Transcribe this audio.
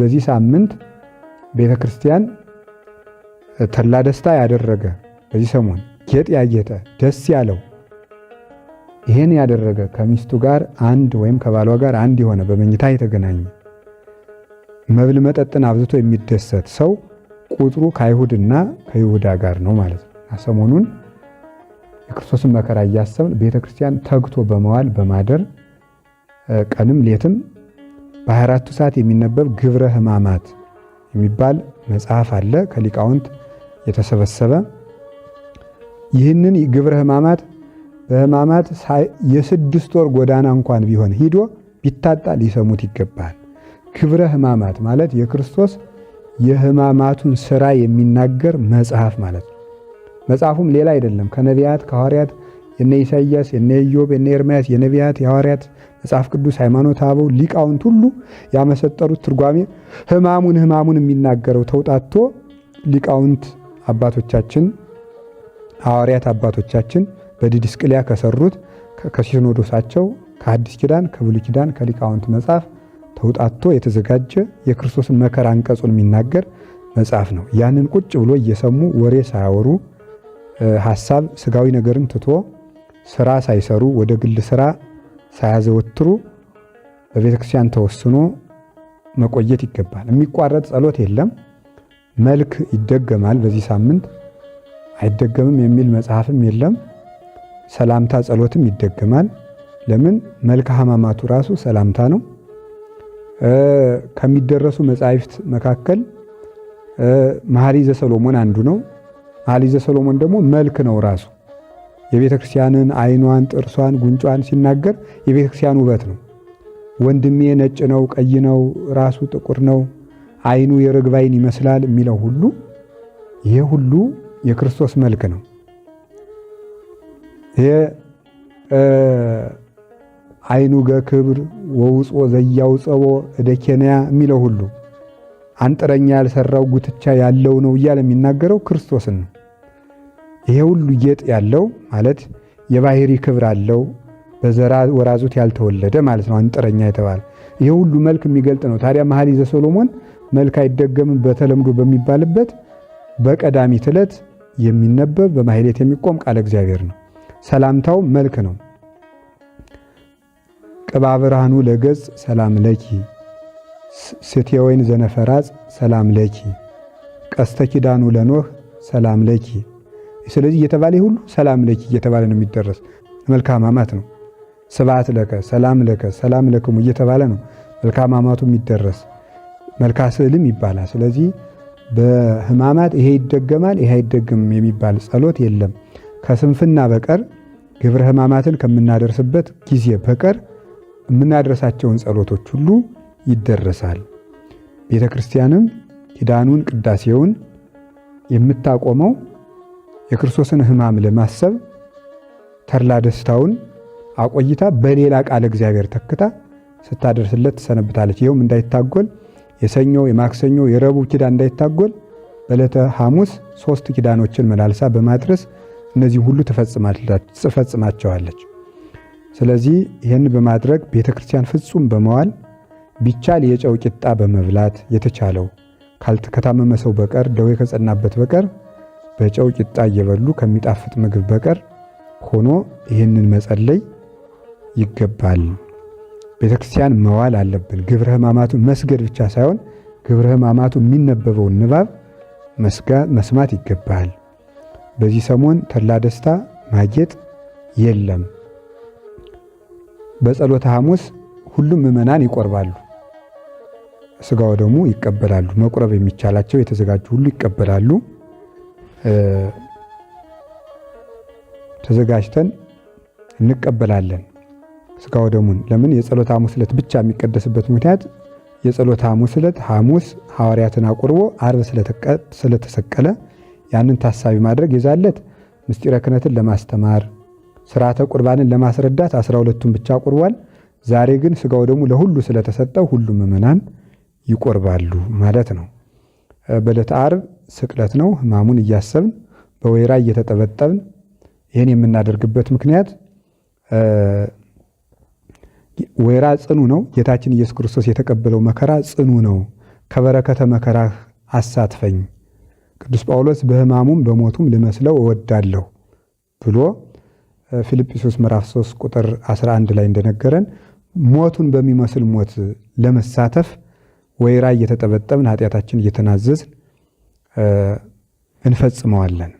በዚህ ሳምንት ቤተ ክርስቲያን ተላ ደስታ ያደረገ በዚህ ሰሞን ጌጥ ያጌጠ ደስ ያለው ይሄን ያደረገ ከሚስቱ ጋር አንድ ወይም ከባሏ ጋር አንድ የሆነ በመኝታ የተገናኘ መብል መጠጥን አብዝቶ የሚደሰት ሰው ቁጥሩ ከአይሁድና ከይሁዳ ጋር ነው ማለት ነው። ሰሞኑን የክርስቶስን መከራ እያሰብን ቤተ ክርስቲያን ተግቶ በመዋል በማደር ቀንም ሌትም በአራቱ ሰዓት የሚነበብ ግብረ ሕማማት የሚባል መጽሐፍ አለ ከሊቃውንት የተሰበሰበ። ይህንን ግብረ ሕማማት በሕማማት የስድስት ወር ጎዳና እንኳን ቢሆን ሂዶ ቢታጣ ሊሰሙት ይገባል። ግብረ ሕማማት ማለት የክርስቶስ የሕማማቱን ስራ የሚናገር መጽሐፍ ማለት ነው። መጽሐፉም ሌላ አይደለም ከነቢያት ከሐዋርያት የነ ኢሳይያስ፣ የነ ኢዮብ፣ የነ ኤርምያስ፣ የነቢያት፣ የሐዋርያት መጽሐፍ ቅዱስ ሃይማኖት አበው ሊቃውንት ሁሉ ያመሰጠሩት ትርጓሜ ህማሙን ህማሙን የሚናገረው ተውጣቶ ሊቃውንት አባቶቻችን ሐዋርያት አባቶቻችን በዲድስቅልያ ከሰሩት ከሲኖዶሳቸው ከአዲስ ኪዳን ከብሉይ ኪዳን ከሊቃውንት መጽሐፍ ተውጣቶ የተዘጋጀ የክርስቶስን መከራ አንቀጹን የሚናገር መጽሐፍ ነው። ያንን ቁጭ ብሎ እየሰሙ ወሬ ሳያወሩ ሀሳብ ስጋዊ ነገርን ትቶ ስራ ሳይሰሩ ወደ ግል ስራ ሳያዘወትሩ በቤተ ክርስቲያን ተወስኖ መቆየት ይገባል። የሚቋረጥ ጸሎት የለም። መልክ ይደገማል። በዚህ ሳምንት አይደገምም የሚል መጽሐፍም የለም። ሰላምታ ጸሎትም ይደገማል። ለምን? መልክ ሕማማቱ ራሱ ሰላምታ ነው። ከሚደረሱ መጻሕፍት መካከል መኃልየ ዘሰሎሞን አንዱ ነው። መኃልየ ዘሰሎሞን ደግሞ መልክ ነው ራሱ የቤተ ክርስቲያንን አይኗን፣ ጥርሷን፣ ጉንጯን ሲናገር የቤተ ክርስቲያን ውበት ነው። ወንድሜ ነጭ ነው፣ ቀይ ነው፣ ራሱ ጥቁር ነው፣ አይኑ የርግብ ዓይን ይመስላል የሚለው ሁሉ ይሄ ሁሉ የክርስቶስ መልክ ነው። አይኑ ገክብር ወውፆ ዘያው ጸቦ እደኬንያ የሚለው ሁሉ አንጥረኛ ያልሰራው ጉትቻ ያለው ነው እያለ የሚናገረው ክርስቶስን ነው። ይሄ ሁሉ ጌጥ ያለው ማለት የባህሪ ክብር አለው በዘራ ወራዙት ያልተወለደ ማለት ነው። አንጥረኛ የተባለ ይሄ ሁሉ መልክ የሚገልጥ ነው። ታዲያ መኃልየ ሰሎሞን መልክ አይደገምም በተለምዶ በሚባልበት በቀዳሚት ዕለት የሚነበብ በማሕሌት የሚቆም ቃለ እግዚአብሔር ነው። ሰላምታው መልክ ነው። ቅባ ብርሃኑ ለገጽ ሰላም ለኪ ስቴ ወይን ዘነፈራጽ ሰላም ለኪ ቀስተ ኪዳኑ ለኖህ ሰላም ለኪ ስለዚህ እየተባለ ሁሉ ሰላም ለኪ እየተባለ ነው የሚደረስ። መልክአ ነው። ስብሐት ለከ፣ ሰላም ለከ፣ ሰላም ለክሙ እየተባለ ነው መልክአ ሕማማቱ የሚደረስ። መልክአ ስዕልም ይባላል። ስለዚህ በህማማት ይሄ ይደገማል፣ ይሄ አይደገምም የሚባል ጸሎት የለም ከስንፍና በቀር ግብረ ህማማትን ከምናደርስበት ጊዜ በቀር የምናደርሳቸውን ጸሎቶች ሁሉ ይደረሳል። ቤተ ክርስቲያንም ኪዳኑን ቅዳሴውን የምታቆመው የክርስቶስን ሕማም ለማሰብ ተድላ ደስታውን አቆይታ በሌላ ቃለ እግዚአብሔር ተክታ ስታደርስለት ትሰነብታለች። ይኸውም እንዳይታጎል የሰኞ የማክሰኞ የረቡዕ ኪዳን እንዳይታጎል በዕለተ ሐሙስ ሶስት ኪዳኖችን መላልሳ በማድረስ እነዚህ ሁሉ ትፈጽማቸዋለች። ስለዚህ ይህን በማድረግ ቤተ ክርስቲያን ፍጹም በመዋል ቢቻል የጨው ቂጣ በመብላት የተቻለው ከታመመ ሰው በቀር ደዌ ከጸናበት በቀር በጨው ቂጣ እየበሉ ከሚጣፍጥ ምግብ በቀር ሆኖ ይህንን መጸለይ ይገባል። ቤተ ክርስቲያን መዋል አለብን። ግብረ ሕማማቱ መስገድ ብቻ ሳይሆን ግብረ ሕማማቱ የሚነበበውን ንባብ መስማት ይገባል። በዚህ ሰሞን ተድላ ደስታ ማጌጥ የለም። በጸሎተ ሐሙስ ሁሉም ምዕመናን ይቆርባሉ፣ ስጋው ደግሞ ይቀበላሉ። መቁረብ የሚቻላቸው የተዘጋጁ ሁሉ ይቀበላሉ። ተዘጋጅተን እንቀበላለን ስጋው ደሙን። ለምን የጸሎተ ሐሙስ ዕለት ብቻ የሚቀደስበት ምክንያት የጸሎተ ሐሙስ ዕለት ሐሙስ ሐዋርያትን አቁርቦ ዓርብ ስለተሰቀለ ያንን ታሳቢ ማድረግ የዛለት ምስጢረ ክህነትን ለማስተማር ስርዓተ ቁርባንን ለማስረዳት አስራ ሁለቱን ብቻ አቁርቧል። ዛሬ ግን ስጋው ደግሞ ለሁሉ ስለተሰጠው ሁሉም ምእመናን ይቆርባሉ ማለት ነው። በዕለተ ዓርብ ስቅለት ነው። ሕማሙን እያሰብን በወይራ እየተጠበጠብን ይህን የምናደርግበት ምክንያት ወይራ ጽኑ ነው። ጌታችን ኢየሱስ ክርስቶስ የተቀበለው መከራ ጽኑ ነው። ከበረከተ መከራህ አሳትፈኝ፣ ቅዱስ ጳውሎስ በሕማሙም በሞቱም ልመስለው እወዳለሁ ብሎ ፊልጵስዩስ ምዕራፍ 3 ቁጥር 11 ላይ እንደነገረን ሞቱን በሚመስል ሞት ለመሳተፍ ወይራ እየተጠበጠብን ኃጢአታችን እየተናዘዝን እንፈጽመዋለን።